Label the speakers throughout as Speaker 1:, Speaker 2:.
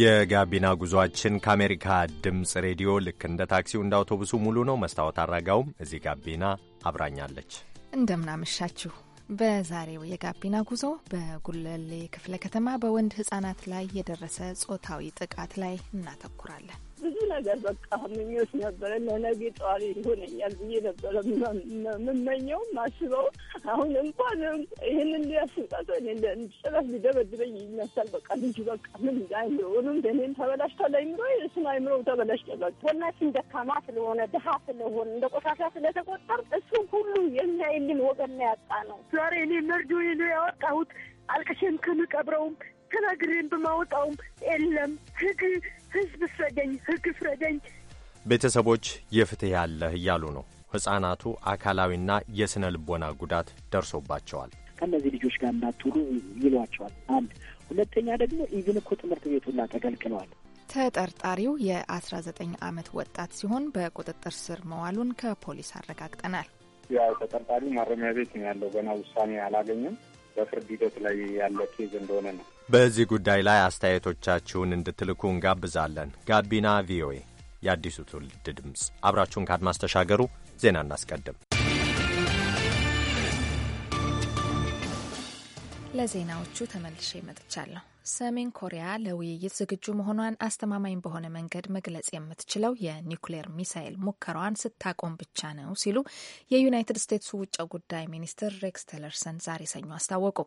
Speaker 1: የጋቢና ጉዞአችን ከአሜሪካ ድምፅ ሬዲዮ ልክ እንደ ታክሲው እንደ አውቶቡሱ ሙሉ ነው። መስታወት አራጋውም እዚህ ጋቢና አብራኛለች።
Speaker 2: እንደምናመሻችሁ። በዛሬው የጋቢና ጉዞ በጉለሌ ክፍለ ከተማ በወንድ ሕጻናት ላይ የደረሰ ጾታዊ ጥቃት ላይ እናተኩራለን።
Speaker 3: ብዙ ነገር በቃ ምኞት ነበረ። ለነገ ጠዋሪ ይሆነኛል ብዬ ነበረ የምመኘው ማስበው። አሁን እንኳን ይህን እንዲያስጣቶ ጭራሽ ሊደበድበኝ ይመስላል። በቃ ልጅ በቃ ምን አይምሮንም እኔም ተበላሽቷል። አይምሮ እሱም አይምሮ ተበላሽቷል። ወናችን ደካማ ስለሆነ ድሀ ስለሆነ እንደ ቆሻሻ ስለተቆጠር እሱ ሁሉ የሚያይልን ወገን ያጣ ነው። ዛሬ እኔ መርጆ ነው ያወጣሁት አልቅሼም ከምቀብረውም ተናግሬም በማወጣውም የለም ህግ ህዝብ ፍረደኝ፣ ህግ ፍረደኝ።
Speaker 1: ቤተሰቦች የፍትህ ያለህ እያሉ ነው። ህጻናቱ አካላዊና የስነ ልቦና ጉዳት ደርሶባቸዋል።
Speaker 4: ከእነዚህ ልጆች ጋር እናትሉ ይሏቸዋል። አንድ
Speaker 2: ሁለተኛ ደግሞ ኢቭን እኮ ትምህርት ቤቱን ተገልግለዋል። ተጠርጣሪው የ19 ዓመት ወጣት ሲሆን በቁጥጥር ስር መዋሉን ከፖሊስ አረጋግጠናል።
Speaker 5: ያው ተጠርጣሪው ማረሚያ ቤት ነው ያለው። ገና ውሳኔ አላገኘም። በፍርድ ሂደት ላይ ያለ ኬዝ እንደሆነ ነው።
Speaker 1: በዚህ ጉዳይ ላይ አስተያየቶቻችሁን እንድትልኩ እንጋብዛለን። ጋቢና ቪኦኤ የአዲሱ ትውልድ ድምፅ፣ አብራችሁን ካድማስ ተሻገሩ። ዜና እናስቀድም።
Speaker 2: ለዜናዎቹ ተመልሼ መጥቻለሁ። ሰሜን ኮሪያ ለውይይት ዝግጁ መሆኗን አስተማማኝ በሆነ መንገድ መግለጽ የምትችለው የኒውክሌር ሚሳይል ሙከራዋን ስታቆም ብቻ ነው ሲሉ የዩናይትድ ስቴትሱ ውጭ ጉዳይ ሚኒስትር ሬክስ ቴለርሰን ዛሬ ሰኞ አስታወቁ።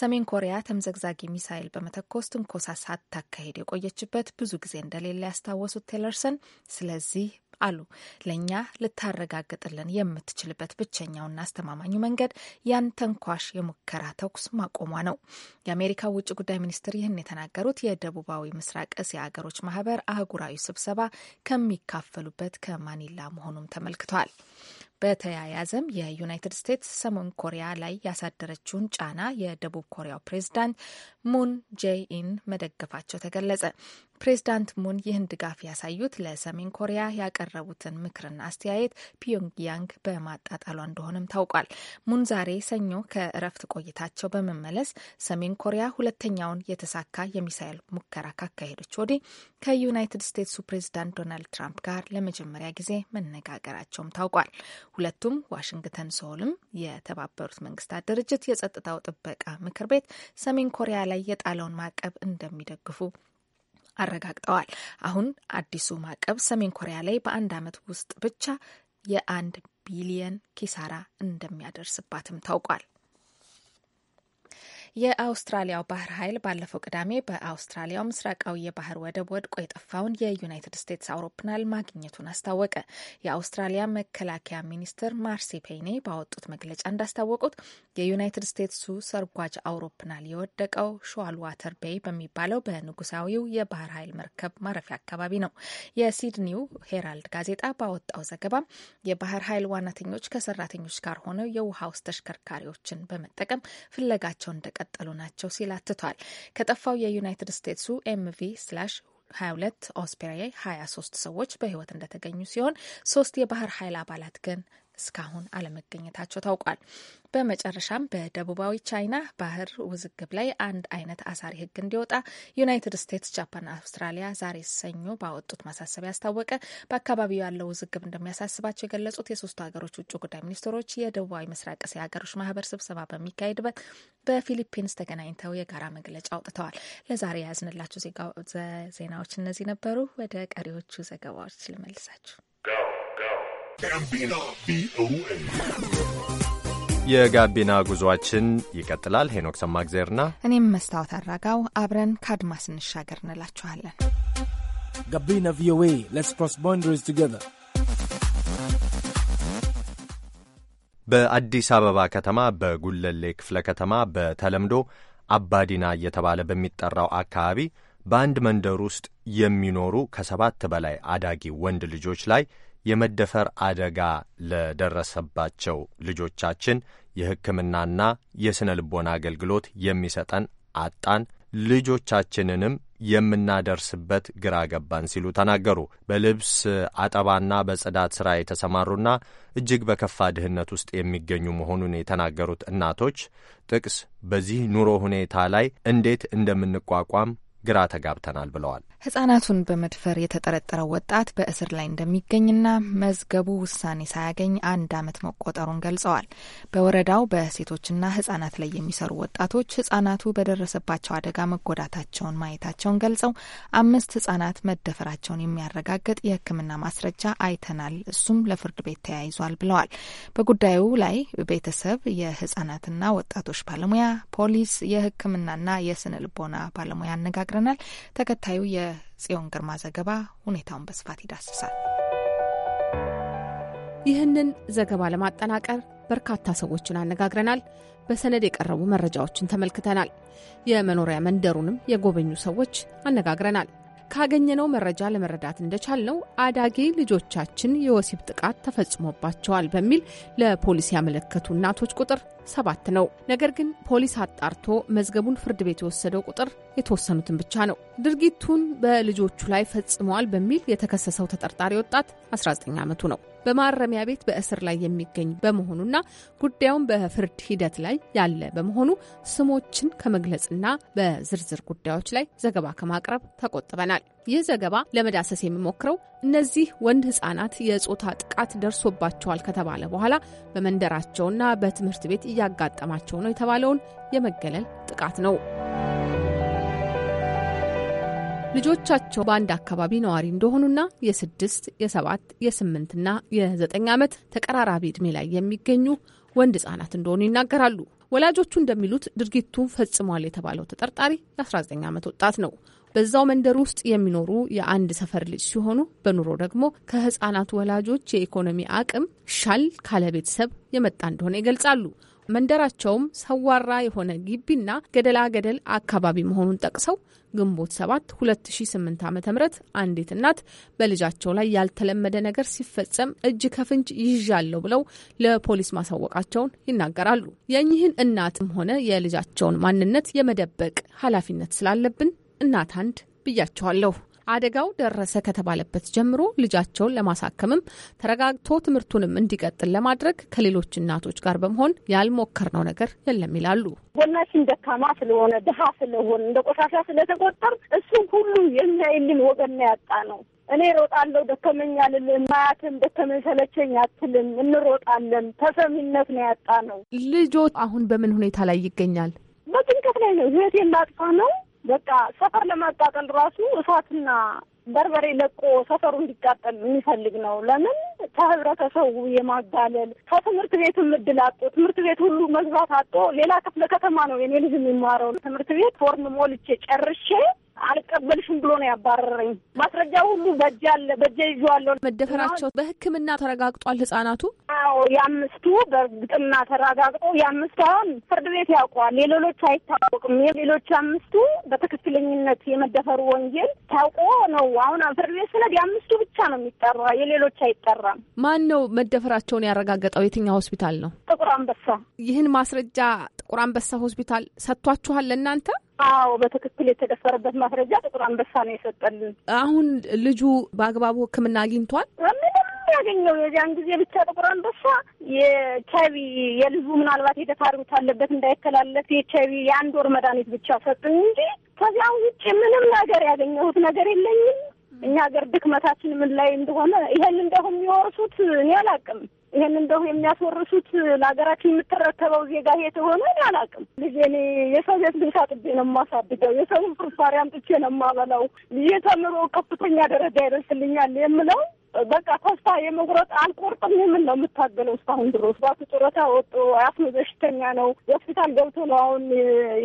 Speaker 2: ሰሜን ኮሪያ ተምዘግዛጊ ሚሳይል በመተኮስ ትንኮሳ ሳታካሄድ የቆየችበት ብዙ ጊዜ እንደሌለ ያስታወሱት ቴለርሰን ስለዚህ አሉ። ለእኛ ልታረጋግጥልን የምትችልበት ብቸኛውና አስተማማኙ መንገድ ያን ተንኳሽ የሙከራ ተኩስ ማቆሟ ነው። የአሜሪካ ውጭ ጉዳይ ሚኒስትር ይህን የተናገሩት የደቡባዊ ምስራቅ እስያ ሀገሮች ማህበር አህጉራዊ ስብሰባ ከሚካፈሉበት ከማኒላ መሆኑም ተመልክቷል። በተያያዘም የዩናይትድ ስቴትስ ሰሜን ኮሪያ ላይ ያሳደረችውን ጫና የደቡብ ኮሪያው ፕሬዝዳንት ሙን ጄኢን መደገፋቸው ተገለጸ። ፕሬዚዳንት ሙን ይህን ድጋፍ ያሳዩት ለሰሜን ኮሪያ ያቀረቡትን ምክርና አስተያየት ፒዮንግያንግ በማጣጣሏ እንደሆነም ታውቋል። ሙን ዛሬ ሰኞ ከእረፍት ቆይታቸው በመመለስ ሰሜን ኮሪያ ሁለተኛውን የተሳካ የሚሳይል ሙከራ ካካሄደች ወዲህ ከዩናይትድ ስቴትሱ ፕሬዚዳንት ዶናልድ ትራምፕ ጋር ለመጀመሪያ ጊዜ መነጋገራቸውም ታውቋል። ሁለቱም ዋሽንግተን ሶልም የተባበሩት መንግስታት ድርጅት የጸጥታው ጥበቃ ምክር ቤት ሰሜን ኮሪያ ላይ ላይ የጣለውን ማዕቀብ እንደሚደግፉ አረጋግጠዋል። አሁን አዲሱ ማዕቀብ ሰሜን ኮሪያ ላይ በአንድ ዓመት ውስጥ ብቻ የአንድ ቢሊየን ኪሳራ እንደሚያደርስባትም ታውቋል። የአውስትራሊያው ባህር ኃይል ባለፈው ቅዳሜ በአውስትራሊያው ምስራቃዊ የባህር ወደብ ወድቆ የጠፋውን የዩናይትድ ስቴትስ አውሮፕላን ማግኘቱን አስታወቀ። የአውስትራሊያ መከላከያ ሚኒስትር ማርሲ ፔይኔ ባወጡት መግለጫ እንዳስታወቁት የዩናይትድ ስቴትሱ ሰርጓጅ አውሮፕላን የወደቀው ሸዋል ዋተር ቤይ በሚባለው በንጉሳዊው የባህር ኃይል መርከብ ማረፊያ አካባቢ ነው። የሲድኒው ሄራልድ ጋዜጣ ባወጣው ዘገባ የባህር ኃይል ዋናተኞች ከሰራተኞች ጋር ሆነው የውሃ ውስጥ ተሽከርካሪዎችን በመጠቀም ፍለጋቸውን እንደቀ እንደቀጠሉ ናቸው ሲል አትቷል። ከጠፋው የዩናይትድ ስቴትሱ ኤምቪ ስላሽ 22 ኦስፕሬ 23 ሰዎች በህይወት እንደተገኙ ሲሆን ሶስት የባህር ኃይል አባላት ግን እስካሁን አለመገኘታቸው ታውቋል። በመጨረሻም በደቡባዊ ቻይና ባህር ውዝግብ ላይ አንድ አይነት አሳሪ ህግ እንዲወጣ ዩናይትድ ስቴትስ፣ ጃፓን፣ አውስትራሊያ ዛሬ ሰኞ ባወጡት ማሳሰቢያ አስታወቀ። በአካባቢው ያለው ውዝግብ እንደሚያሳስባቸው የገለጹት የሶስቱ ሀገሮች ውጭ ጉዳይ ሚኒስትሮች የደቡባዊ ምስራቅ እስያ ሀገሮች ማህበር ስብሰባ በሚካሄድበት በፊሊፒንስ ተገናኝተው የጋራ መግለጫ አውጥተዋል። ለዛሬ የያዝንላችሁ ዜናዎች እነዚህ ነበሩ። ወደ ቀሪዎቹ ዘገባዎች
Speaker 6: ልመልሳችሁ።
Speaker 1: የጋቢና ጉዟችን ይቀጥላል። ሄኖክ ሰማግዜርና
Speaker 2: እኔም መስታወት አራጋው አብረን ከአድማስ እንሻገር እንላችኋለን።
Speaker 1: ጋቢና ቪኦኤ ሌትስ ክሮስ ቦንደሪስ ቱጌዘር በአዲስ አበባ ከተማ በጉለሌ ክፍለ ከተማ በተለምዶ አባዲና እየተባለ በሚጠራው አካባቢ በአንድ መንደር ውስጥ የሚኖሩ ከሰባት በላይ አዳጊ ወንድ ልጆች ላይ የመደፈር አደጋ ለደረሰባቸው ልጆቻችን የሕክምናና የሥነ ልቦና አገልግሎት የሚሰጠን አጣን፣ ልጆቻችንንም የምናደርስበት ግራ ገባን ሲሉ ተናገሩ። በልብስ አጠባና በጽዳት ሥራ የተሰማሩና እጅግ በከፋ ድህነት ውስጥ የሚገኙ መሆኑን የተናገሩት እናቶች ጥቅስ በዚህ ኑሮ ሁኔታ ላይ እንዴት እንደምንቋቋም ግራ ተጋብተናል ብለዋል።
Speaker 2: ህጻናቱን በመድፈር የተጠረጠረው ወጣት በእስር ላይ እንደሚገኝና መዝገቡ ውሳኔ ሳያገኝ አንድ አመት መቆጠሩን ገልጸዋል። በወረዳው በሴቶችና ህጻናት ላይ የሚሰሩ ወጣቶች ህጻናቱ በደረሰባቸው አደጋ መጎዳታቸውን ማየታቸውን ገልጸው አምስት ህጻናት መደፈራቸውን የሚያረጋግጥ የህክምና ማስረጃ አይተናል፣ እሱም ለፍርድ ቤት ተያይዟል ብለዋል። በጉዳዩ ላይ ቤተሰብ፣ የህጻናትና ወጣቶች ባለሙያ፣ ፖሊስ፣ የህክምናና የስነ ልቦና ባለሙያ አነጋግረናል። ተከታዩ የ የጽዮን ግርማ ዘገባ ሁኔታውን በስፋት ይዳስሳል።
Speaker 7: ይህንን ዘገባ ለማጠናቀር በርካታ ሰዎችን አነጋግረናል። በሰነድ የቀረቡ መረጃዎችን ተመልክተናል። የመኖሪያ መንደሩንም የጎበኙ ሰዎች አነጋግረናል። ካገኘነው መረጃ ለመረዳት እንደቻልነው አዳጊ ልጆቻችን የወሲብ ጥቃት ተፈጽሞባቸዋል በሚል ለፖሊስ ያመለከቱ እናቶች ቁጥር ሰባት ነው። ነገር ግን ፖሊስ አጣርቶ መዝገቡን ፍርድ ቤት የወሰደው ቁጥር የተወሰኑትን ብቻ ነው። ድርጊቱን በልጆቹ ላይ ፈጽመዋል በሚል የተከሰሰው ተጠርጣሪ ወጣት 19 ዓመቱ ነው። በማረሚያ ቤት በእስር ላይ የሚገኝ በመሆኑና ጉዳዩን በፍርድ ሂደት ላይ ያለ በመሆኑ ስሞችን ከመግለጽና በዝርዝር ጉዳዮች ላይ ዘገባ ከማቅረብ ተቆጥበናል። ይህ ዘገባ ለመዳሰስ የሚሞክረው እነዚህ ወንድ ህጻናት የጾታ ጥቃት ደርሶባቸዋል ከተባለ በኋላ በመንደራቸውና በትምህርት ቤት እያጋጠማቸው ነው የተባለውን የመገለል ጥቃት ነው። ልጆቻቸው በአንድ አካባቢ ነዋሪ እንደሆኑና የስድስት የሰባት የስምንትና የዘጠኝ ዓመት ተቀራራቢ ዕድሜ ላይ የሚገኙ ወንድ ህጻናት እንደሆኑ ይናገራሉ። ወላጆቹ እንደሚሉት ድርጊቱ ፈጽሟል የተባለው ተጠርጣሪ የ19 ዓመት ወጣት ነው። በዛው መንደር ውስጥ የሚኖሩ የአንድ ሰፈር ልጅ ሲሆኑ በኑሮ ደግሞ ከህጻናት ወላጆች የኢኮኖሚ አቅም ሻል ካለ ቤተሰብ የመጣ እንደሆነ ይገልጻሉ። መንደራቸውም ሰዋራ የሆነ ግቢና ገደላ ገደል አካባቢ መሆኑን ጠቅሰው ግንቦት 7 2008 ዓ ም አንዲት እናት በልጃቸው ላይ ያልተለመደ ነገር ሲፈጸም እጅ ከፍንጅ ይዣለሁ ብለው ለፖሊስ ማሳወቃቸውን ይናገራሉ። የእኚህን እናትም ሆነ የልጃቸውን ማንነት የመደበቅ ኃላፊነት ስላለብን እናት አንድ ብያቸዋለሁ። አደጋው ደረሰ ከተባለበት ጀምሮ ልጃቸውን ለማሳከምም ተረጋግቶ ትምህርቱንም እንዲቀጥል ለማድረግ ከሌሎች እናቶች ጋር በመሆን ያልሞከርነው ነገር የለም ይላሉ። ጎናችን ደካማ ስለሆነ ድሃ ስለሆነ እንደ ቆሻሻ
Speaker 3: ስለተቆጠር እሱም ሁሉ የሚያይልን ወገን ያጣ ነው። እኔ ሮጣለሁ ደከመኝ አልልም። ማያትም ደከመኝ ሰለቸኝ አትልም። እንሮጣለን። ተሰሚነት ነው ያጣ ነው። ልጆ አሁን በምን ሁኔታ ላይ ይገኛል? በጭንቀት ላይ ነው። ህይወቴን ላጥፋ ነው በቃ ሰፈር ለማቃጠል ራሱ እሳትና በርበሬ ለቆ ሰፈሩ እንዲቃጠል የሚፈልግ ነው። ለምን ከህብረተሰቡ የማጋለል ከትምህርት ቤትም እድል አጦ ትምህርት ቤት ሁሉ መግባት አጦ ሌላ ክፍለ ከተማ ነው የኔ ልጅ የሚማረው ትምህርት ቤት ፎርም ሞልቼ ጨርሼ
Speaker 7: አልቀበልሽም ብሎ ነው ያባረረኝ። ማስረጃ ሁሉ በእጄ አለ፣ በእጄ ይዤዋለሁ። መደፈራቸው በህክምና ተረጋግጧል ህጻናቱ አዎ የአምስቱ በግጥምና ተረጋግጦ የአምስቱ አሁን ፍርድ ቤት ያውቀዋል። የሌሎች አይታወቅም። የሌሎች አምስቱ
Speaker 3: በትክክለኝነት የመደፈሩ ወንጀል ታውቆ ነው። አሁን ፍርድ ቤት ስነድ የአምስቱ ብቻ ነው የሚጠራ፣
Speaker 7: የሌሎች አይጠራም። ማን ነው መደፈራቸውን ያረጋገጠው? የትኛው ሆስፒታል ነው? ጥቁር አንበሳ። ይህን ማስረጃ ጥቁር አንበሳ ሆስፒታል ሰጥቷችኋል ለእናንተ? አዎ በትክክል የተደፈረበት ማስረጃ ጥቁር አንበሳ ነው የሰጠልን። አሁን ልጁ በአግባቡ ሕክምና አግኝቷል።
Speaker 3: ያገኘው የዚያን ጊዜ ብቻ ጥቁር አንበሳ የቻይቪ አይቪ የልጁ ምናልባት የተፋሪዎች አለበት እንዳይተላለፍ የቻይቪ የአንድ ወር መድኃኒት ብቻ ሰጡኝ እንጂ ከዚያም ውጭ ምንም ነገር ያገኘሁት ነገር የለኝም። እኛ ሀገር ድክመታችን ምን ላይ እንደሆነ ይሄን እንደሁ የሚወርሱት እኔ አላቅም። ይሄን እንደሁ የሚያስወርሱት ለሀገራችን የምትረከበው ዜጋ ሄት ሆነ እኔ አላቅም። ልጄ እኔ የሰው ቤት ልጅ አጥቤ ነው የማሳድገው፣ የሰው ፍርፋሪ አምጥቼ ነው የማበላው። ልጄ ተምሮ ከፍተኛ ደረጃ ይደርስልኛል የምለው በቃ ተስፋ የመቁረጥ አልቆርጥም። የምን ነው የምታገለው እስካሁን ድሮስ ባቱ ጡረታ ወጡ። አያስም በሽተኛ ነው። ሆስፒታል ገብቶ ነው አሁን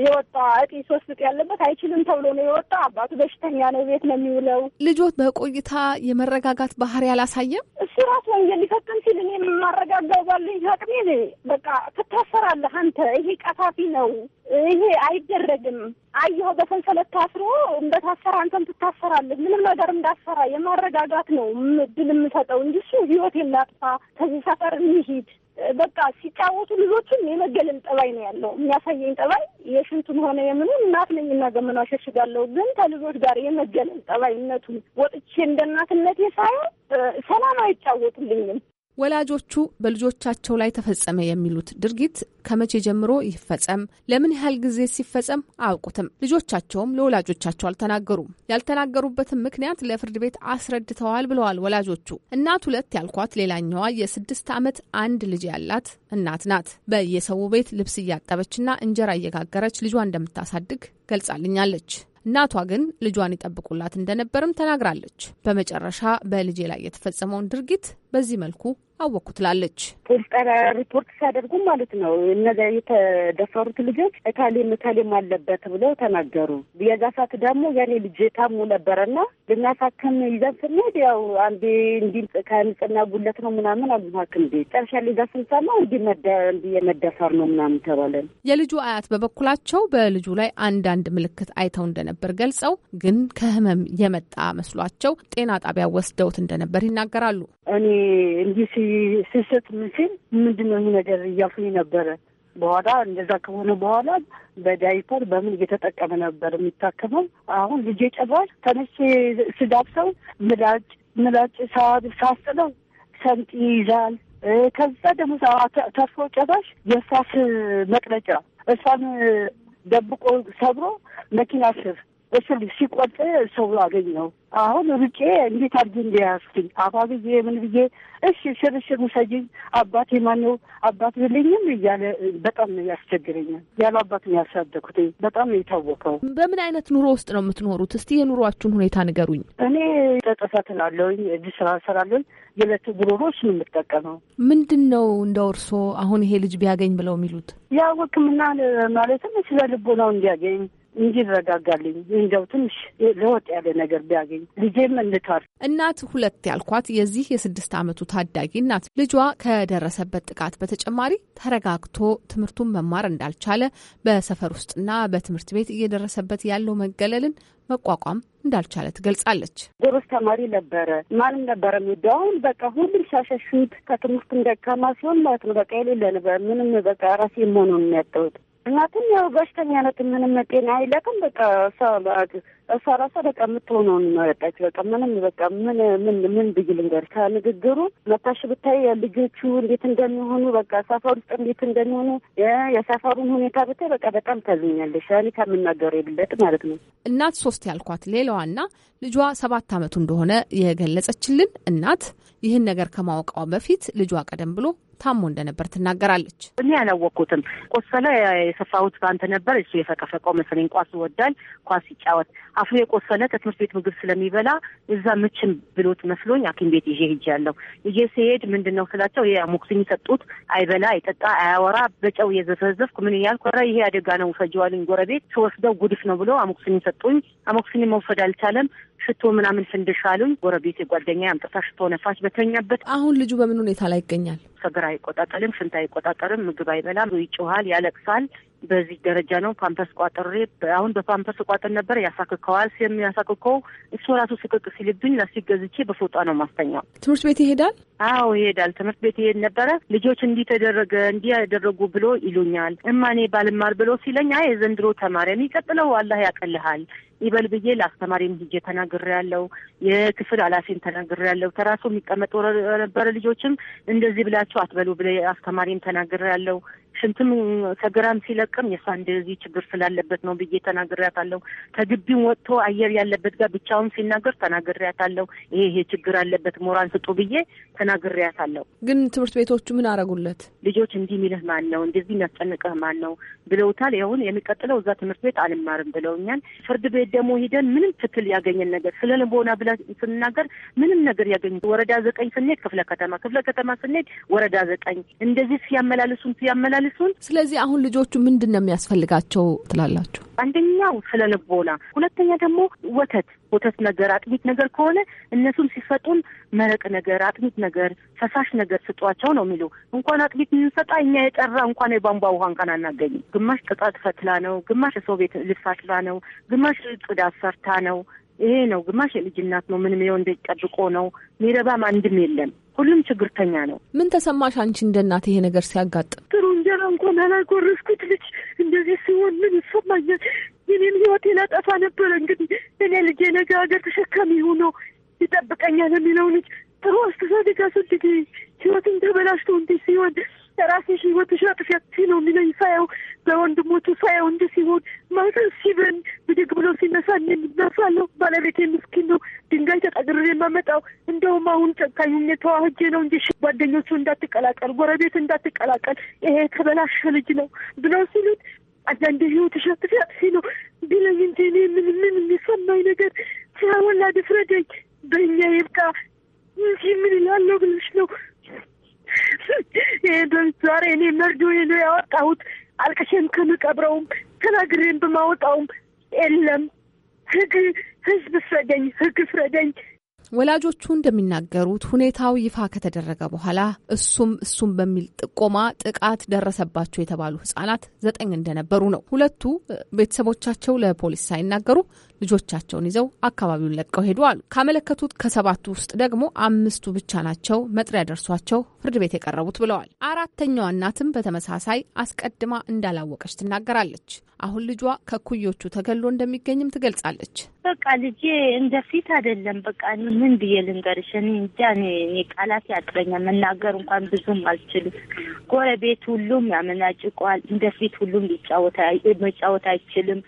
Speaker 3: የወጣ እጢ ሶስት እጢ ያለበት አይችልም ተብሎ ነው የወጣ። አባቱ በሽተኛ ነው፣ ቤት ነው የሚውለው።
Speaker 7: ልጆት በቆይታ የመረጋጋት ባህሪ
Speaker 3: አላሳየም። እሱ ራሱ ወንጀል ሊፈጥም ሲል እኔ የማረጋጋው ባለኝ አቅሜ በቃ ትታሰራለህ አንተ ይሄ ቀፋፊ ነው ይሄ አይደረግም። አየኸው በሰንሰለት ታስሮ እንደታሰረ አንተም ትታሰራለህ። ምንም ነገር እንዳሰራ የማረጋጋት ነው ድል የምሰጠው እንጂ እሱ ህይወት የላጥፋ ከዚህ ሰፈር እንሂድ በቃ ሲጫወቱ ልጆችም የመገለል ጠባይ ነው ያለው። የሚያሳየኝ ጠባይ የሽንቱን ሆነ የምኑ እናት ነኝ እና ገመና ሸሽጋለሁ፣ ግን ከልጆች ጋር የመገለል ጠባይነቱን ወጥቼ እንደ እናትነቴ ሳይሆን
Speaker 7: ሰላም አይጫወቱልኝም። ወላጆቹ በልጆቻቸው ላይ ተፈጸመ የሚሉት ድርጊት ከመቼ ጀምሮ ይፈጸም፣ ለምን ያህል ጊዜ ሲፈጸም አያውቁትም። ልጆቻቸውም ለወላጆቻቸው አልተናገሩም። ያልተናገሩበትም ምክንያት ለፍርድ ቤት አስረድተዋል ብለዋል ወላጆቹ። እናት ሁለት ያልኳት ሌላኛዋ የስድስት ዓመት አንድ ልጅ ያላት እናት ናት። በየሰው ቤት ልብስ እያጠበችና እንጀራ እየጋገረች ልጇ እንደምታሳድግ ገልጻልኛለች። እናቷ ግን ልጇን ይጠብቁላት እንደነበርም ተናግራለች። በመጨረሻ በልጄ ላይ የተፈጸመውን ድርጊት በዚህ መልኩ አወቅኩ ትላለች።
Speaker 3: ቁጠራ ሪፖርት ሲያደርጉ ማለት ነው እነዚያ የተደፈሩት ልጆች እታሌም እታሌም አለበት ብለው ተናገሩ። የዛ ሰዓት ደግሞ የኔ ልጅ ታሙ ነበረና ልናሳክም ይዘን ስንሄድ ያው አንዴ እንዲህ ከንጽና ጉለት ነው ምናምን አሉ ሐኪም ቤት ጨርሻ ልዛ ስንሰማ እንዲህ የመደፈር ነው ምናምን ተባለን።
Speaker 7: የልጁ አያት በበኩላቸው በልጁ ላይ አንዳንድ ምልክት አይተው እንደነበር ገልጸው ግን ከህመም የመጣ መስሏቸው ጤና ጣቢያ ወስደውት እንደነበር ይናገራሉ።
Speaker 3: እኔ እንዲህ ስስት ምስል ምንድን ነው ይህ ነገር እያልኩኝ ነበረ። በኋላ እንደዛ ከሆነ በኋላ በዳይፐር በምን እየተጠቀመ ነበር የሚታከመው። አሁን ልጄ ጨባል ተነሽ ስዳብሰው ምላጭ ምላጭ ሳስጥለው ሰምጥ ይይዛል። ከዛ ደግሞ ተርፎ ጨባሽ የእርሳስ መቅረጫ እሷን ደብቆ ሰብሮ መኪና ስር በስል ሲቆጥ ሰው አገኘው። አሁን ርቄ እንዴት አድርጌ እንደያዝኩኝ አባ ብዬ ምን ብዬ እሺ ሽርሽር ውሰጅኝ አባት ማነው አባት ብልኝም እያለ በጣም ያስቸግረኛል። ያለ አባት ነው ያሳደኩት። በጣም ነው የታወቀው።
Speaker 7: በምን አይነት ኑሮ ውስጥ ነው የምትኖሩት? እስቲ የኑሯችሁን ሁኔታ ንገሩኝ።
Speaker 3: እኔ ጠጠፈትን አለውኝ እጅ ስራ ስራለኝ የለት ጉሮሮች ነው የምጠቀመው።
Speaker 7: ምንድን ነው እንደ እርሶ አሁን ይሄ ልጅ ቢያገኝ ብለው የሚሉት
Speaker 3: ያው ሕክምና ማለትም ስለ ልቦናው እንዲያገኝ እንዲረጋጋልኝ እንደው ትንሽ ለወጥ ያለ ነገር ቢያገኝ
Speaker 7: ልጄም እንታር እናት ሁለት ያልኳት የዚህ የስድስት ዓመቱ ታዳጊ እናት ልጇ ከደረሰበት ጥቃት በተጨማሪ ተረጋግቶ ትምህርቱን መማር እንዳልቻለ በሰፈር ውስጥና በትምህርት ቤት እየደረሰበት ያለው መገለልን መቋቋም እንዳልቻለ ትገልጻለች።
Speaker 3: ጎበዝ ተማሪ ነበረ። ማንም ነበረ ሚወደ አሁን በቃ ሁሉም ሻሸሹት ከትምህርት እንደካማ ሲሆን ማለት ነው። በቃ የሌለ ነበር ምንም በቃ ራሴ መሆኑን የሚያጠውት እናትም ያው በሽተኛነት ምንም ጤና አይለቅም። በቃ እሷ ራሷ በቃ የምትሆነው መረጣች። በቃ ምንም በቃ ምን ምን ምን ብይ ልንገር ከንግግሩ መታሽ ብታይ ልጆቹ እንዴት እንደሚሆኑ በቃ ሰፈር ውስጥ እንዴት እንደሚሆኑ የሰፈሩን ሁኔታ ብታይ በቃ በጣም ታዝኛለሽ። ያኔ ከምናገሩ የብለጥ ማለት ነው።
Speaker 7: እናት ሶስት ያልኳት ሌላዋና ልጇ ሰባት አመቱ እንደሆነ የገለጸችልን እናት ይህን ነገር ከማወቃዋ በፊት ልጇ ቀደም ብሎ ታሞ እንደነበር ትናገራለች። እኔ ያላወቅኩትም ቆሰለ የሰፋሁት በአንተ ነበር። እሱ የፈቀፈቀው መሰለኝ። ኳስ ይወዳል፣ ኳስ ይጫወት።
Speaker 3: አፍ የቆሰለ ከትምህርት ቤት ምግብ ስለሚበላ እዛ ምችም ብሎት መስሎኝ ሐኪም ቤት ይዤ ሄጅ ያለው ይዤ ሲሄድ ምንድን ነው ስላቸው የአሞክሲኒ ሰጡት። አይበላ፣ አይጠጣ፣ አያወራ። በጨው የዘፈዘፍኩ ምን እያልኩ ኧረ ይሄ አደጋ ነው ውሰጂዋልኝ ጎረቤት ስወስደው ጉድፍ ነው ብሎ አሞክሲኒ ሰጡኝ። አሞክሲኒ መውሰድ አልቻለም። ሽቶ ምናምን ፍንድሻ አሉኝ። ጎረቤት የጓደኛ አምጥታ ሽቶ ነፋች
Speaker 7: በተኛበት። አሁን ልጁ በምን ሁኔታ ላይ ይገኛል?
Speaker 3: ሰገራ አይቆጣጠርም፣ ሽንት አይቆጣጠርም፣ ምግብ አይበላም፣ ይጮሃል፣ ያለቅሳል፣ በዚህ ደረጃ ነው ፓምፐርስ ቋጥሬ፣ አሁን በፓምፐርስ ቋጥር ነበር ያሳክከዋል። ያሳክከው እሱ ራሱ ስቅቅ ሲልብኝ ላስቲክ ገዝቼ በፎጣ ነው ማስተኛው። ትምህርት ቤት ይሄዳል? አዎ ይሄዳል። ትምህርት ቤት ይሄድ ነበረ። ልጆች እንዲህ ተደረገ እንዲህ ያደረጉ ብሎ ይሉኛል። እማኔ ባልማር ብሎ ሲለኝ አይ የዘንድሮ ተማሪ የሚቀጥለው አላህ ያቀልሃል ይበል ብዬ ለአስተማሪም ሂጄ ያለው የክፍል ተናግሬ ያለው ተራሱ የሚቀመጡ ነበረ ልጆችም እንደዚህ ብላችሁ አትበሉ ብለ አስተማሪም ያለው ሽንትም ከግራም ሲለቅም የእሷ እንደዚህ ችግር ስላለበት ነው ብዬ ተናግሬያታለሁ። ከግቢም ወጥቶ አየር ያለበት ጋር ብቻውን ሲናገር ተናግሬያታለሁ። ይሄ ይሄ ችግር አለበት ሞራን ስጡ ብዬ ተናግሬያታለሁ። ግን ትምህርት ቤቶቹ ምን አረጉለት? ልጆች እንዲህ ሚልህ ማን ነው? እንደዚህ የሚያስጨንቅህ ማን ነው ብለውታል። ይሁን የሚቀጥለው እዛ ትምህርት ቤት አልማርም ብለውኛል። ፍርድ ቤት ደግሞ ሂደን ምንም ትክል ያገኘን ነገር ስለ ልቦና ብለ ስንናገር ምንም ነገር ያገኝ ወረዳ ዘጠኝ ስንሄድ ክፍለ ከተማ ክፍለ ከተማ ስንሄድ ወረዳ ዘጠኝ እንደዚህ ሲያመላልሱን ሲያመላልሱ መልሱን።
Speaker 7: ስለዚህ አሁን ልጆቹ ምንድን ነው የሚያስፈልጋቸው ትላላችሁ?
Speaker 3: አንደኛው ስለ ልቦና፣ ሁለተኛ ደግሞ ወተት ወተት ነገር አጥሚት ነገር ከሆነ እነሱም ሲሰጡን መረቅ ነገር አጥሚት ነገር ፈሳሽ ነገር ስጧቸው ነው የሚሉ። እንኳን አጥሚት እንሰጣ እኛ የጠራ እንኳን የቧንቧ ውሃ እንኳን አናገኝም። ግማሽ ቅጣት ፈትላ ነው፣ ግማሽ የሰው ቤት ልፋትላ ነው፣ ግማሽ ጽዳ ሰርታ ነው። ይሄ ነው ግማሽ የልጅ እናት ነው። ምንም የወንድ እንደጨብቆ ነው ሚረባም አንድም
Speaker 7: የለም። ሁሉም ችግርተኛ ነው። ምን ተሰማሽ አንቺ እንደ እናት ይሄ ነገር ሲያጋጥም?
Speaker 3: እንጀራ እንኳን አላጎረስኩት ልጅ እንደዚህ ሲሆን ምን ይሰማኛል? የኔን ህይወቴ ላጠፋ ነበረ። እንግዲህ እኔ ልጅ የነገ ሀገር ተሸካሚ ሆኖ ይጠብቀኛል የሚለው ልጅ ጥሩ አስተሳደግ አስወድጌ ህይወትን ተበላሽቶ እንዲህ ሲሆን የራስሽ ህይወትሽ አጥፊያት ነው የሚለኝ ሳየው በወንድሞቹ ሳየው እንዲህ ሲሆን ማዘን ሲበን ብድግ ብሎ ሲነሳ እናፍራለሁ። ባለቤቴ ምስኪን ነው፣ ድንጋይ ተጠግሬ የማመጣው እንደውም አሁን ጨካኙ ተዋህጄ ነው እንጂ ጓደኞቹ እንዳትቀላቀል፣ ጎረቤት እንዳትቀላቀል፣ ይሄ የተበላሸ ልጅ ነው ብለው ሲሉት አንዳንድ ህይወትሽ አጥፊያት ነው ቢለኝ እንጂ እኔ ምን ምን የሚሰማኝ ነገር ሲያወላ ድፍረደኝ በእኛ ይብቃ እንጂ ምን ይላለው ብለሽ ነው ዛሬ እኔ መርዶ ነው ያወጣሁት። አልቅሼም ከምቀብረውም ተናግሬም በማወጣውም የለም ህግ ህዝብ ፍረደኝ፣ ህግ ፍረደኝ።
Speaker 7: ወላጆቹ እንደሚናገሩት ሁኔታው ይፋ ከተደረገ በኋላ እሱም እሱም በሚል ጥቆማ ጥቃት ደረሰባቸው የተባሉ ህጻናት ዘጠኝ እንደነበሩ ነው። ሁለቱ ቤተሰቦቻቸው ለፖሊስ ሳይናገሩ ልጆቻቸውን ይዘው አካባቢውን ለቀው ሄዱ አሉ። ካመለከቱት ከሰባቱ ውስጥ ደግሞ አምስቱ ብቻ ናቸው መጥሪያ ደርሷቸው ፍርድ ቤት የቀረቡት ብለዋል። አራተኛዋ እናትም በተመሳሳይ አስቀድማ እንዳላወቀች ትናገራለች። አሁን ልጇ ከኩዮቹ ተገሎ እንደሚገኝም ትገልጻለች። በቃ ልጄ
Speaker 3: እንደፊት አይደለም። በቃ
Speaker 7: ምን ብዬ ልንገርሽ? እኔ እንጃ። እኔ
Speaker 3: ቃላት ያጥረኛል። መናገር እንኳን ብዙም አልችልም። ጎረቤት ሁሉም ያመናጭቋል። እንደፊት ሁሉም ሊጫወት መጫወት አይችልም።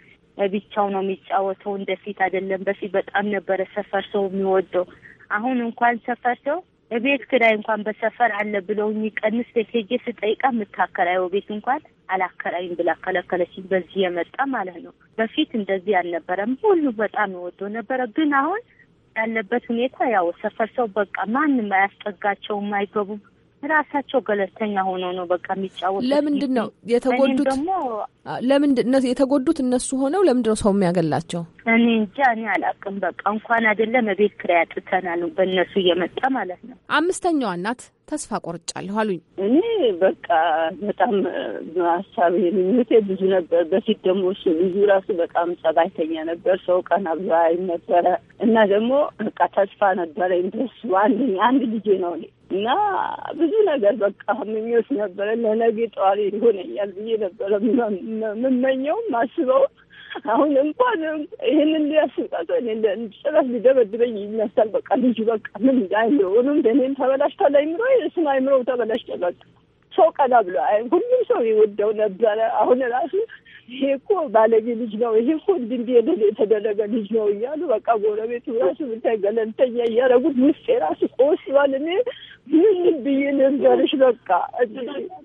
Speaker 3: ብቻው ነው የሚጫወተው። እንደፊት አይደለም። በፊት በጣም ነበረ ሰፈር ሰው የሚወደው። አሁን እንኳን ሰፈር ሰው ቤት ክራይ እንኳን በሰፈር አለ ብለው የሚቀንስ ቤት ስጠይቃ የምታከራየው ቤት እንኳን አላከራይም ብላ ከለከለችኝ። በዚህ የመጣ ማለት ነው። በፊት እንደዚህ አልነበረም። ሁሉ በጣም የወደው ነበረ። ግን አሁን ያለበት ሁኔታ ያው ሰፈር ሰው በቃ ማንም አያስጠጋቸውም፣ አይገቡም ራሳቸው ገለልተኛ ሆኖ ነው በቃ የሚጫወቱት። ለምንድን ነው የተጎዱት? ደግሞ
Speaker 7: ለምንድን ነው የተጎዱት? እነሱ ሆነው ለምንድን ነው ሰው የሚያገላቸው? እኔ
Speaker 3: እንጃ እኔ አላውቅም። በቃ እንኳን አይደለም ቤት ኪራይ አጥተናል በእነሱ እየመጣ ማለት ነው።
Speaker 7: አምስተኛዋ እናት ተስፋ ቆርጫለሁ አሉኝ።
Speaker 3: እኔ በቃ በጣም ሀሳብ ምኞቴ ብዙ ነበር። በፊት ደግሞ እሱ ልጁ ራሱ በጣም ጸባይተኛ ነበር። ሰው ቀና ብሎ አይ ነበረ እና ደግሞ በቃ ተስፋ ነበረ ኢንደስ አንደኛ አንድ ልጄ ነው እና ብዙ ነገር በቃ ምኞት ነበረ። ለነገ ጠዋሪ ይሆነኛል ብዬ ነበረ ምመኘውም አስበውም አሁን እንኳን ይህንን ሊያስባቸው ጭራሽ ሊደበድበኝ ይመስላል። በቃ ልጅ በቃ ምን አይምሮውንም ለእኔም ተበላሽቷል። አይምሮ ስም አይምሮው ተበላሽቷል። በቃ ሰው ቀና ብሎ ሁሉም ሰው ይወደው ነበረ። አሁን ራሱ ይሄ እኮ ባለጌ ልጅ ነው፣ ይሄ እኮ እንዲህ የተደረገ ልጅ ነው እያሉ በቃ ጎረቤቱ ራሱ ብታይ ገለልተኛ እያደረጉት ውስጤ ራሱ ቆስሏል። እኔ ምን ብዬ ልንገርሽ? በቃ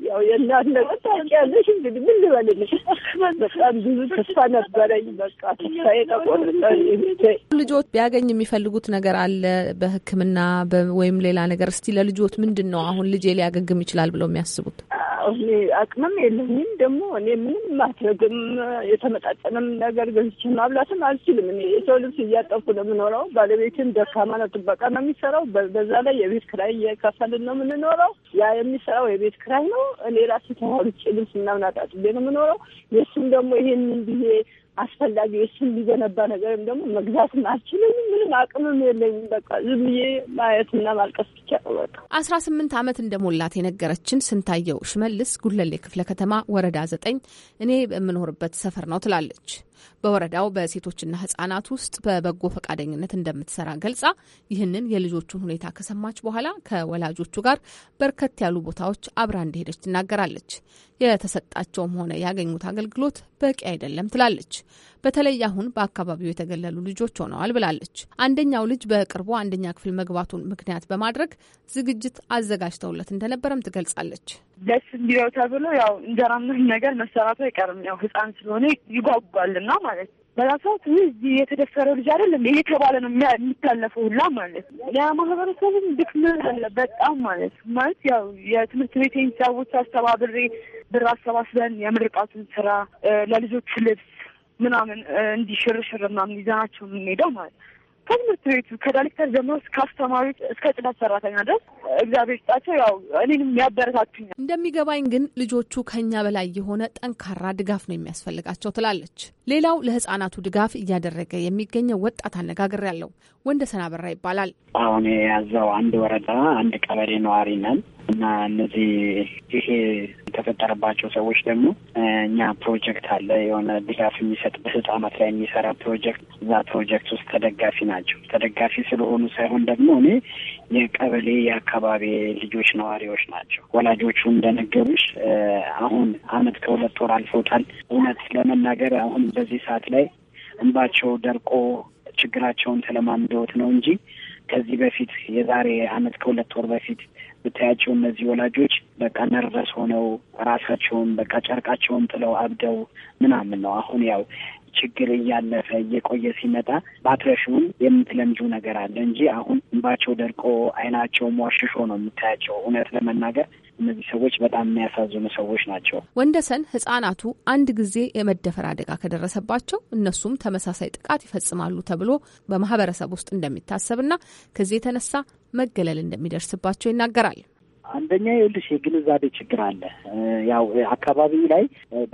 Speaker 3: ያው የእናት ነገር ታውቂያለሽ። እንግዲህ ምን ልበልልሽ? በጣም ብዙ ተስፋ ነበረኝ። በቃ ተስፋዬ ተቆርጠ።
Speaker 7: ልጆት ቢያገኝ የሚፈልጉት ነገር አለ በሕክምና ወይም ሌላ ነገር? እስቲ ለልጆት ምንድን ነው አሁን ልጄ ሊያገግም ይችላል ብለው የሚያስቡት?
Speaker 3: እኔ አቅምም የለኝም። ደግሞ እኔ ምንም ማድረግም የተመጣጠንም ነገር ገዝቼ ማብላትም አልችልም። እኔ የሰው ልብስ እያጠብኩ ነው የምኖረው። ባለቤትም ደካማ ነው፣ ጥበቃ ነው የሚሰራው። በዛ ላይ የቤት ክራይ እየከፈልን ነው የምንኖረው። ያ የሚሰራው የቤት ክራይ ነው። እኔ ራሴ ተሯሩጬ ልብስ ምናምን አጣጥቤ ነው የምኖረው። የእሱም ደግሞ ይሄንን ብዬ አስፈላጊ እሱን ሊገነባ ነገርም ደግሞ መግዛትም አልችልም። ምንም አቅምም የለኝም። በቃ ዝም ብዬ ማየትና ማልቀስ ብቻ ነው። በቃ
Speaker 7: አስራ ስምንት ዓመት እንደሞላት የነገረችን ስንታየው ሽመልስ ጉለሌ ክፍለ ከተማ ወረዳ ዘጠኝ እኔ በምኖርበት ሰፈር ነው ትላለች። በወረዳው በሴቶችና ህጻናት ውስጥ በበጎ ፈቃደኝነት እንደምትሰራ ገልጻ ይህንን የልጆቹን ሁኔታ ከሰማች በኋላ ከወላጆቹ ጋር በርከት ያሉ ቦታዎች አብራ እንደሄደች ትናገራለች። የተሰጣቸውም ሆነ ያገኙት አገልግሎት በቂ አይደለም ትላለች። በተለይ አሁን በአካባቢው የተገለሉ ልጆች ሆነዋል ብላለች። አንደኛው ልጅ በቅርቡ አንደኛ ክፍል መግባቱን ምክንያት በማድረግ ዝግጅት አዘጋጅተውለት እንደነበረም ትገልጻለች።
Speaker 3: ደስ እንዲለው ተብሎ ያው እንጀራ ምናምን ነገር መሰራቱ አይቀርም። ያው ህፃን ስለሆነ ይጓጓልና ማለት ነው። በራሳት እዚህ የተደፈረው ልጅ አይደለም እየተባለ ነው የሚታለፈው ሁላ ማለት ነው። ማህበረሰብም ድክመት አለ በጣም ማለት ማለት ያው የትምህርት ቤት ሰዎች አስተባብሬ ብር አሰባስበን የምርቃቱን ስራ ለልጆች ልብስ ምናምን እንዲሽርሽር ምናምን ይዘናቸው የምንሄደው ማለት ነው። ከትምህርት ቤቱ ከዳይሬክተር ጀምሮ እስከ አስተማሪ እስከ ጽዳት ሰራተኛ ድረስ
Speaker 7: እግዚአብሔር ይስጣቸው። ያው እኔንም ያበረታቱኛል። እንደሚገባኝ ግን ልጆቹ ከኛ በላይ የሆነ ጠንካራ ድጋፍ ነው የሚያስፈልጋቸው ትላለች። ሌላው ለህጻናቱ ድጋፍ እያደረገ የሚገኘው ወጣት አነጋገር ያለው ወንደ ሰናበራ ይባላል።
Speaker 4: አሁን የያዘው አንድ ወረዳ አንድ ቀበሌ ነዋሪ ነን እና እነዚህ ይሄ የተፈጠረባቸው ሰዎች ደግሞ እኛ ፕሮጀክት አለ የሆነ ድጋፍ የሚሰጥ በህጻናት ላይ የሚሰራ ፕሮጀክት፣ እዛ ፕሮጀክት ውስጥ ተደጋፊ ናቸው። ተደጋፊ ስለሆኑ ሳይሆን ደግሞ እኔ የቀበሌ የአካባቢ ልጆች ነዋሪዎች ናቸው። ወላጆቹ እንደነገሩሽ አሁን አመት ከሁለት ወር አልፎታል። እውነት ለመናገር አሁን በዚህ ሰዓት ላይ እንባቸው ደርቆ ችግራቸውን ተለማምደውት ነው እንጂ ከዚህ በፊት የዛሬ አመት ከሁለት ወር በፊት ብታያቸው እነዚህ ወላጆች በቃ ነርቨስ ሆነው ራሳቸውን በቃ ጨርቃቸውን ጥለው አብደው ምናምን ነው። አሁን ያው ችግር እያለፈ እየቆየ ሲመጣ ባትረሹን የምትለምጁ ነገር አለ እንጂ አሁን እንባቸው ደርቆ አይናቸው ሟሽሾ ነው የምታያቸው። እውነት ለመናገር እነዚህ ሰዎች በጣም የሚያሳዝኑ ሰዎች ናቸው። ወንደሰን
Speaker 7: ህጻናቱ አንድ ጊዜ የመደፈር አደጋ ከደረሰባቸው እነሱም ተመሳሳይ ጥቃት ይፈጽማሉ ተብሎ በማህበረሰብ ውስጥ እንደሚታሰብና ከዚህ የተነሳ መገለል እንደሚደርስባቸው ይናገራል።
Speaker 4: አንደኛ ይኸውልሽ የግንዛቤ ችግር አለ። ያው አካባቢው ላይ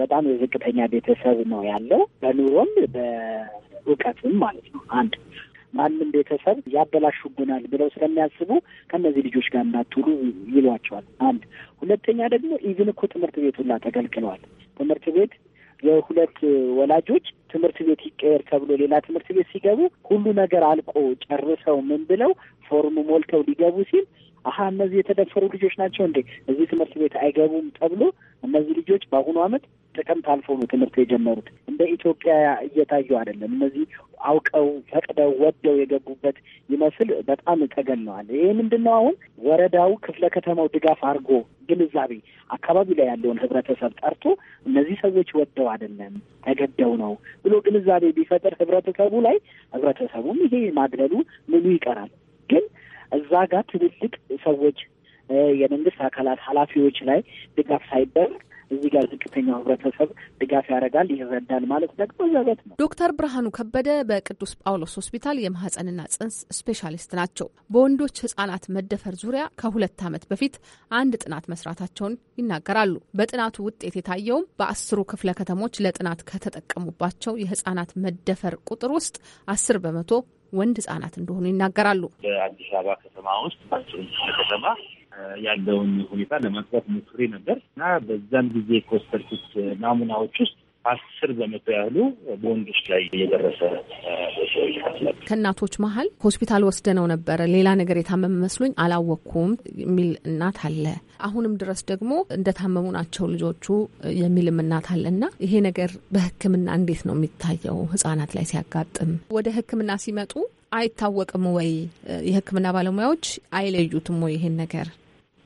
Speaker 4: በጣም የዝቅተኛ ቤተሰብ ነው ያለው በኑሮም በእውቀትም ማለት ነው። አንድ ማንም ቤተሰብ ያበላሹብናል ብለው ስለሚያስቡ ከእነዚህ ልጆች ጋር እንዳትውሉ ይሏቸዋል። አንድ ሁለተኛ ደግሞ ኢቭን እኮ ትምህርት ቤት ሁላ ተገልግለዋል። ትምህርት ቤት የሁለት ወላጆች ትምህርት ቤት ይቀየር ተብሎ ሌላ ትምህርት ቤት ሲገቡ ሁሉ ነገር አልቆ ጨርሰው ምን ብለው ፎርም ሞልተው ሊገቡ ሲል አሀ እነዚህ የተደፈሩ ልጆች ናቸው እንዴ እዚህ ትምህርት ቤት አይገቡም ተብሎ እነዚህ ልጆች በአሁኑ ዓመት ጥቅምት አልፎ ነው ትምህርት የጀመሩት። እንደ ኢትዮጵያ እየታዩ አይደለም። እነዚህ አውቀው ፈቅደው ወደው የገቡበት ይመስል በጣም ተገነዋል። ይሄ ምንድን ነው? አሁን ወረዳው ክፍለ ከተማው ድጋፍ አድርጎ ግንዛቤ አካባቢ ላይ ያለውን ህብረተሰብ ጠርቶ እነዚህ ሰዎች ወደው አይደለም ተገደው ነው ብሎ ግንዛቤ ቢፈጥር ህብረተሰቡ ላይ ህብረተሰቡም ይሄ ማግለሉ ምኑ ይቀራል ግን እዛ ጋር ትልልቅ ሰዎች የመንግስት አካላት ኃላፊዎች ላይ ድጋፍ ሳይደርግ እዚህ ጋር ዝቅተኛው ህብረተሰብ ድጋፍ ያደርጋል ይረዳል ማለት ደግሞ ዘበት ነው። ዶክተር ብርሃኑ ከበደ በቅዱስ
Speaker 7: ጳውሎስ ሆስፒታል የማህፀንና ጽንስ ስፔሻሊስት ናቸው። በወንዶች ህጻናት መደፈር ዙሪያ ከሁለት ዓመት በፊት አንድ ጥናት መስራታቸውን ይናገራሉ። በጥናቱ ውጤት የታየውም በአስሩ ክፍለ ከተሞች ለጥናት ከተጠቀሙባቸው የህጻናት መደፈር ቁጥር ውስጥ አስር በመቶ ወንድ ህጻናት እንደሆኑ ይናገራሉ።
Speaker 6: በአዲስ አበባ ከተማ ውስጥ ከተማ ያለውን ሁኔታ ለማጥፋት ሞክሬ ነበር እና በዛን ጊዜ ከወሰድኩት ናሙናዎች ውስጥ አስር በመቶ ያህሉ በወንዶች ላይ እየደረሰ
Speaker 7: ከእናቶች መሀል ሆስፒታል ወስደነው ነበረ ሌላ ነገር የታመመ መስሎኝ አላወቅኩም የሚል እናት አለ። አሁንም ድረስ ደግሞ እንደታመሙ ናቸው ልጆቹ የሚልም እናት አለ እና ይሄ ነገር በሕክምና እንዴት ነው የሚታየው? ህጻናት ላይ ሲያጋጥም ወደ ሕክምና ሲመጡ አይታወቅም ወይ? የሕክምና ባለሙያዎች አይለዩትም ወይ ይሄን ነገር?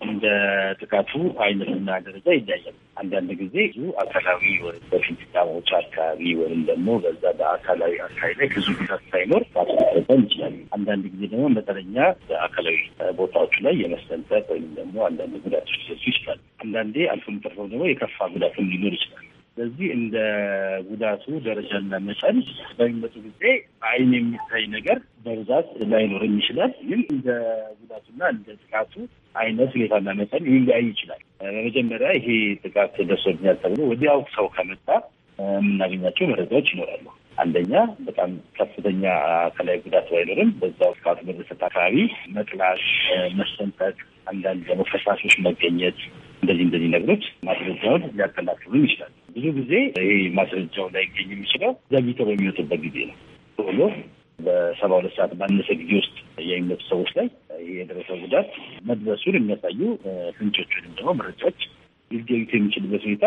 Speaker 6: እንደ ጥቃቱ አይነትና ደረጃ ይለያል። አንዳንድ ጊዜ ብዙ አካላዊ ወይም በፊንጢጣቦች አካባቢ ወይም ደግሞ በዛ በአካላዊ አካባቢ ላይ ብዙ ጉዳት ሳይኖር ማስጠጠም ይችላል። አንዳንድ ጊዜ ደግሞ መጠነኛ በአካላዊ ቦታዎቹ ላይ የመሰንጠቅ ወይም ደግሞ አንዳንድ ጉዳቶች ሊደርሱ ይችላል። አንዳንዴ አልፎ ተርፎ ደግሞ የከፋ ጉዳትም ሊኖር ይችላል። ስለዚህ እንደ ጉዳቱ ደረጃና መጠን በሚመጡ ጊዜ አይን የሚታይ ነገር በብዛት ላይኖር ይችላል። ግን እንደ ጉዳቱና እንደ ጥቃቱ አይነት ሁኔታና መጠን ሊለያይ ይችላል። በመጀመሪያ ይሄ ጥቃት ደርሶብኛል ተብሎ ወዲያው ሰው ከመጣ የምናገኛቸው መረጃዎች ይኖራሉ። አንደኛ በጣም ከፍተኛ አካላዊ ጉዳት ባይኖርም በዛው ጥቃቱ በደረሰበት አካባቢ መጥላት፣ መሰንጠቅ፣ አንዳንድ ደግሞ ፈሳሾች መገኘት እንደዚህ እንደዚህ ነገሮች ማስረጃውን ሊያጠናክሩም ይችላል። ብዙ ጊዜ ይህ ማስረጃው ላይገኝ የሚችለው ዘግይቶ በሚወጡበት ጊዜ ነው። ቶሎ በሰባ ሁለት ሰዓት ባነሰ ጊዜ ውስጥ የሚመጡ ሰዎች ላይ የደረሰው ጉዳት መድረሱን የሚያሳዩ ፍንጮች ወይም ደግሞ መረጃዎች ሊገኙት የሚችልበት ሁኔታ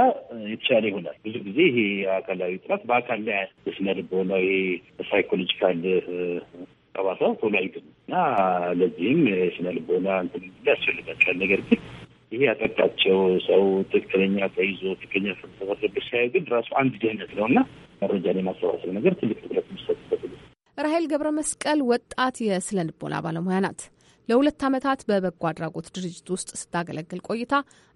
Speaker 6: የተሻለ ይሆናል። ብዙ ጊዜ ይሄ አካላዊ ጥናት በአካል ላይ ስነልቦናው ይሄ ሳይኮሎጂካል ጠባሳ ቶሎ አይገኙም እና ለዚህም ስነልቦና እንትን ያስፈልጋቸዋል። ነገር ግን ይሄ ያጠቃቸው ሰው ትክክለኛ ተይዞ ትክክለኛ ስብሰባሰብ ሲያዩ ግን ራሱ አንድ ድህነት ነው እና መረጃ ላይ ማሰባሰብ ነገር ትልቅ ትኩረት የሚሰጥበት።
Speaker 7: ራሄል ገብረ መስቀል ወጣት የስነ ልቦና ባለሙያ ናት። ለሁለት ዓመታት በበጎ አድራጎት ድርጅት ውስጥ ስታገለግል ቆይታ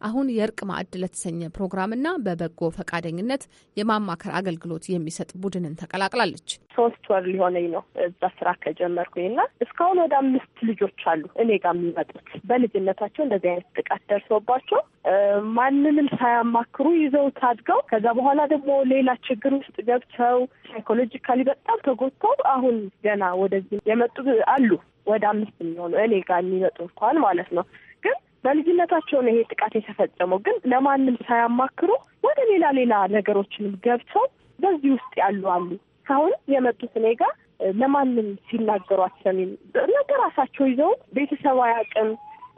Speaker 7: አሁን የእርቅ ማዕድ ለተሰኘ ፕሮግራምና በበጎ ፈቃደኝነት የማማከር አገልግሎት የሚሰጥ ቡድንን ተቀላቅላለች። ሶስት ወር ሊሆነኝ ነው እዛ ስራ ከጀመርኩኝና እስካሁን ወደ አምስት ልጆች አሉ እኔ ጋር የሚመጡት
Speaker 3: በልጅነታቸው እንደዚህ አይነት ጥቃት ደርሶባቸው ማንንም ሳያማክሩ ይዘው ታድገው ከዛ በኋላ ደግሞ ሌላ ችግር ውስጥ ገብተው ሳይኮሎጂካሊ በጣም ተጎድተው አሁን ገና ወደዚህ የመጡ አሉ። ወደ አምስት የሚሆኑ እኔ ጋር የሚመጡ እንኳን ማለት ነው። ግን በልጅነታቸው ነው ይሄ ጥቃት የተፈጸመው። ግን ለማንም ሳያማክሩ ወደ ሌላ ሌላ ነገሮችንም ገብተው በዚህ ውስጥ ያሉ አሉ። አሁን የመጡት እኔ ጋር ለማንም ሲናገሩ አትሰሚም። ነገር ራሳቸው ይዘው ቤተሰባዊ አቅም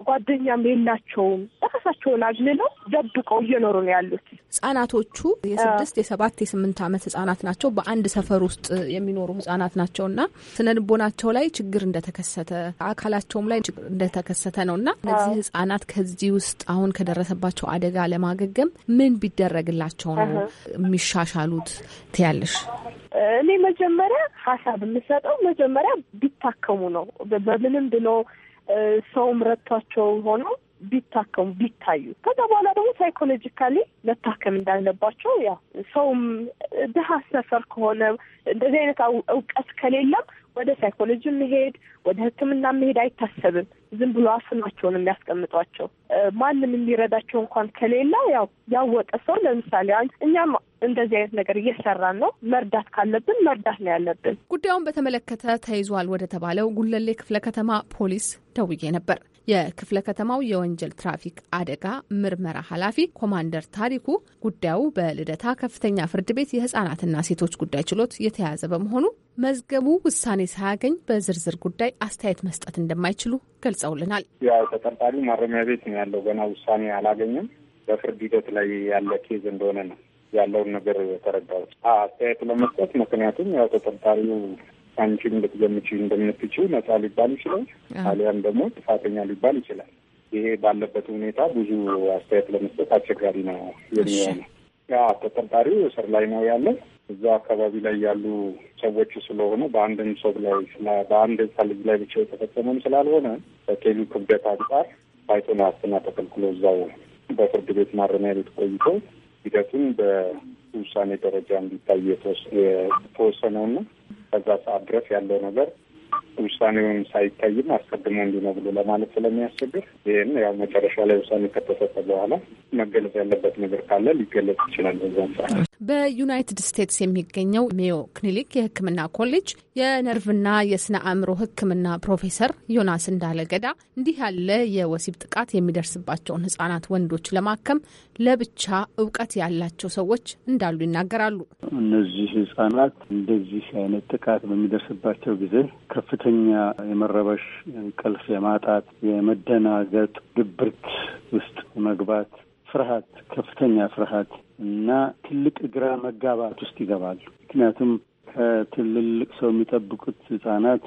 Speaker 7: ጓደኛም የላቸውም። ራሳቸውን አግልለው ደብቀው እየኖሩ ነው ያሉት። ህጻናቶቹ የስድስት የሰባት የስምንት ዓመት ህጻናት ናቸው። በአንድ ሰፈር ውስጥ የሚኖሩ ህጻናት ናቸው እና ስነ ልቦናቸው ላይ ችግር እንደተከሰተ አካላቸውም ላይ ችግር እንደተከሰተ ነው እና እነዚህ ህጻናት ከዚህ ውስጥ አሁን ከደረሰባቸው አደጋ ለማገገም ምን ቢደረግላቸው ነው የሚሻሻሉት ትያለሽ?
Speaker 3: እኔ መጀመሪያ ሀሳብ የምሰጠው መጀመሪያ ቢታከሙ ነው። በምንም ብሎ ሰውም ረድቷቸው ሆኖ ቢታከሙ ቢታዩ ከዛ በኋላ ደግሞ ሳይኮሎጂካሊ መታከም እንዳለባቸው ያው ሰውም ድሀ ሰፈር ከሆነ እንደዚህ አይነት እውቀት ከሌለም ወደ ሳይኮሎጂ መሄድ ወደ ሕክምና መሄድ አይታሰብም። ዝም ብሎ አፍኗቸውን የሚያስቀምጧቸው ማንም የሚረዳቸው እንኳን ከሌላ ያው ያወቀ ሰው ለምሳሌ እኛም እንደዚህ አይነት ነገር እየሰራን ነው። መርዳት ካለብን መርዳት ነው ያለብን።
Speaker 7: ጉዳዩን በተመለከተ ተይዟል ወደ ተባለው ጉለሌ ክፍለ ከተማ ፖሊስ ደውዬ ነበር። የክፍለ ከተማው የወንጀል ትራፊክ አደጋ ምርመራ ኃላፊ ኮማንደር ታሪኩ ጉዳዩ በልደታ ከፍተኛ ፍርድ ቤት የህጻናትና ሴቶች ጉዳይ ችሎት የተያዘ በመሆኑ መዝገቡ ውሳኔ ሳያገኝ በዝርዝር ጉዳይ አስተያየት መስጠት እንደማይችሉ ገልጸውልናል።
Speaker 5: ያው ተጠርጣሪ ማረሚያ ቤት ነው ያለው። ገና ውሳኔ አላገኘም። በፍርድ ሂደት ላይ ያለ ኬዝ እንደሆነ ነው ያለውን ነገር የተረዳሁት አስተያየት ለመስጠት ምክንያቱም ያው ተጠርጣሪው አንቺም ልትገምች እንደምትችው ነጻ ሊባል ይችላል፣ አሊያም ደግሞ ጥፋተኛ ሊባል ይችላል። ይሄ ባለበት ሁኔታ ብዙ አስተያየት ለመስጠት አስቸጋሪ ነው የሚሆነው። ያ ተጠርጣሪው እስር ላይ ነው ያለ። እዛ አካባቢ ላይ ያሉ ሰዎች ስለሆኑ በአንድም ሰው ላይ በአንድ ህፃን ልጅ ላይ ብቻ የተፈጸመም ስላልሆነ ከኬሉ ክብደት አንጻር ባይቶን ዋስትና ተከልክሎ እዛው በፍርድ ቤት ማረሚያ ቤት ቆይቶ ሂደቱን በውሳኔ ደረጃ እንዲታይ የተወሰነውና ከዛ ሰዓት ድረስ ያለው ነገር ውሳኔውን ሳይታይም አስቀድሞ እንዲህ ብሎ ለማለት ስለሚያስቸግር ይህን ያው መጨረሻ ላይ ውሳኔ ከተሰጠ በኋላ መገለጽ ያለበት ነገር ካለ ሊገለጽ ይችላል በዛን ሰዓት
Speaker 7: በዩናይትድ ስቴትስ የሚገኘው ሜዮ ክሊኒክ የሕክምና ኮሌጅ የነርቭና የስነ አእምሮ ሕክምና ፕሮፌሰር ዮናስ እንዳለ ገዳ እንዲህ ያለ የወሲብ ጥቃት የሚደርስባቸውን ህጻናት ወንዶች ለማከም ለብቻ እውቀት ያላቸው ሰዎች እንዳሉ ይናገራሉ።
Speaker 8: እነዚህ ህጻናት እንደዚህ አይነት ጥቃት በሚደርስባቸው ጊዜ ከፍተኛ የመረበሽ፣ እንቅልፍ የማጣት፣ የመደናገጥ፣ ድብርት ውስጥ መግባት ፍርሃት፣ ከፍተኛ ፍርሃት እና ትልቅ ግራ መጋባት ውስጥ ይገባሉ። ምክንያቱም ከትልልቅ ሰው የሚጠብቁት ህጻናት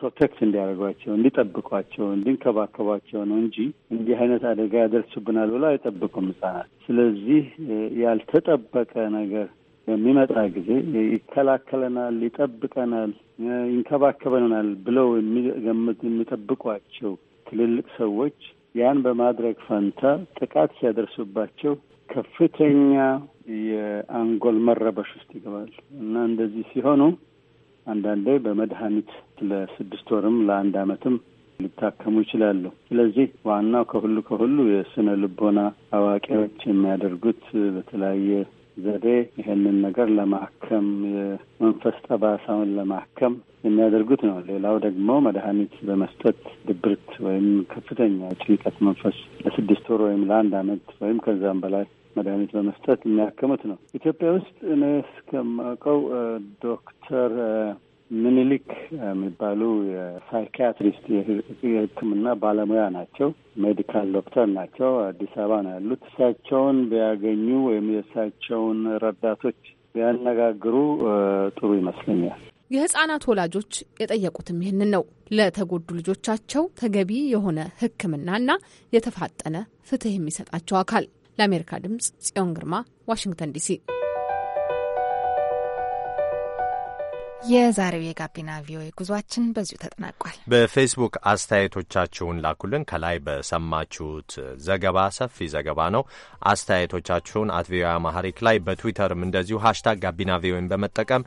Speaker 8: ፕሮቴክት እንዲያደርጓቸው፣ እንዲጠብቋቸው፣ እንዲንከባከቧቸው ነው እንጂ እንዲህ አይነት አደጋ ያደርሱብናል ብሎ አይጠብቁም ህጻናት። ስለዚህ ያልተጠበቀ ነገር በሚመጣ ጊዜ ይከላከለናል፣ ይጠብቀናል፣ ይንከባከበናል ብለው የሚገምት የሚጠብቋቸው ትልልቅ ሰዎች ያን በማድረግ ፈንታ ጥቃት ሲያደርሱባቸው ከፍተኛ የአንጎል መረበሽ ውስጥ ይገባል እና እንደዚህ ሲሆኑ አንዳንዴ በመድኃኒት ለስድስት ወርም ለአንድ ዓመትም ሊታከሙ ይችላሉ። ስለዚህ ዋናው ከሁሉ ከሁሉ የስነ ልቦና አዋቂዎች የሚያደርጉት በተለያየ ዘዴ ይሄንን ነገር ለማከም የመንፈስ ጠባሳውን ለማከም የሚያደርጉት ነው። ሌላው ደግሞ መድኃኒት በመስጠት ድብርት ወይም ከፍተኛ ጭንቀት መንፈስ ለስድስት ወር ወይም ለአንድ ዓመት ወይም ከዛም በላይ መድኃኒት በመስጠት የሚያክሙት ነው። ኢትዮጵያ ውስጥ እኔ እስከማውቀው ዶክተር ምኒልክ የሚባሉ የሳይኪያትሪስት የሕክምና ባለሙያ ናቸው። ሜዲካል ዶክተር ናቸው። አዲስ አበባ ነው ያሉት። እሳቸውን ቢያገኙ ወይም የእሳቸውን ረዳቶች ቢያነጋግሩ ጥሩ ይመስለኛል።
Speaker 7: የህጻናት ወላጆች የጠየቁትም ይህንን ነው። ለተጎዱ ልጆቻቸው ተገቢ የሆነ ህክምናና የተፋጠነ ፍትህ የሚሰጣቸው አካል ለአሜሪካ ድምጽ ጽዮን ግርማ ዋሽንግተን ዲሲ። የዛሬው የጋቢና
Speaker 2: ቪኦኤ ጉዟችን በዚሁ ተጠናቋል።
Speaker 1: በፌስቡክ አስተያየቶቻችሁን ላኩልን። ከላይ በሰማችሁት ዘገባ ሰፊ ዘገባ ነው። አስተያየቶቻችሁን አት ቪኦኤ አማሐሪክ ላይ በትዊተርም እንደዚሁ ሀሽታግ ጋቢና ቪኦኤን በመጠቀም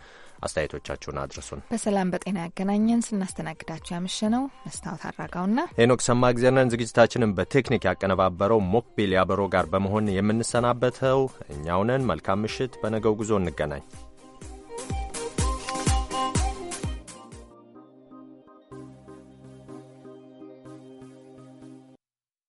Speaker 1: አስተያየቶቻችሁን አድርሱን።
Speaker 2: በሰላም በጤና ያገናኘን። ስናስተናግዳችሁ ያመሸነው መስታወት አራጋውና
Speaker 1: ሄኖክ ሰማ ጊዜነን። ዝግጅታችንን በቴክኒክ ያቀነባበረው ሞክቢል ያበሮ ጋር በመሆን የምንሰናበተው እኛውነን። መልካም ምሽት። በነገው ጉዞ እንገናኝ።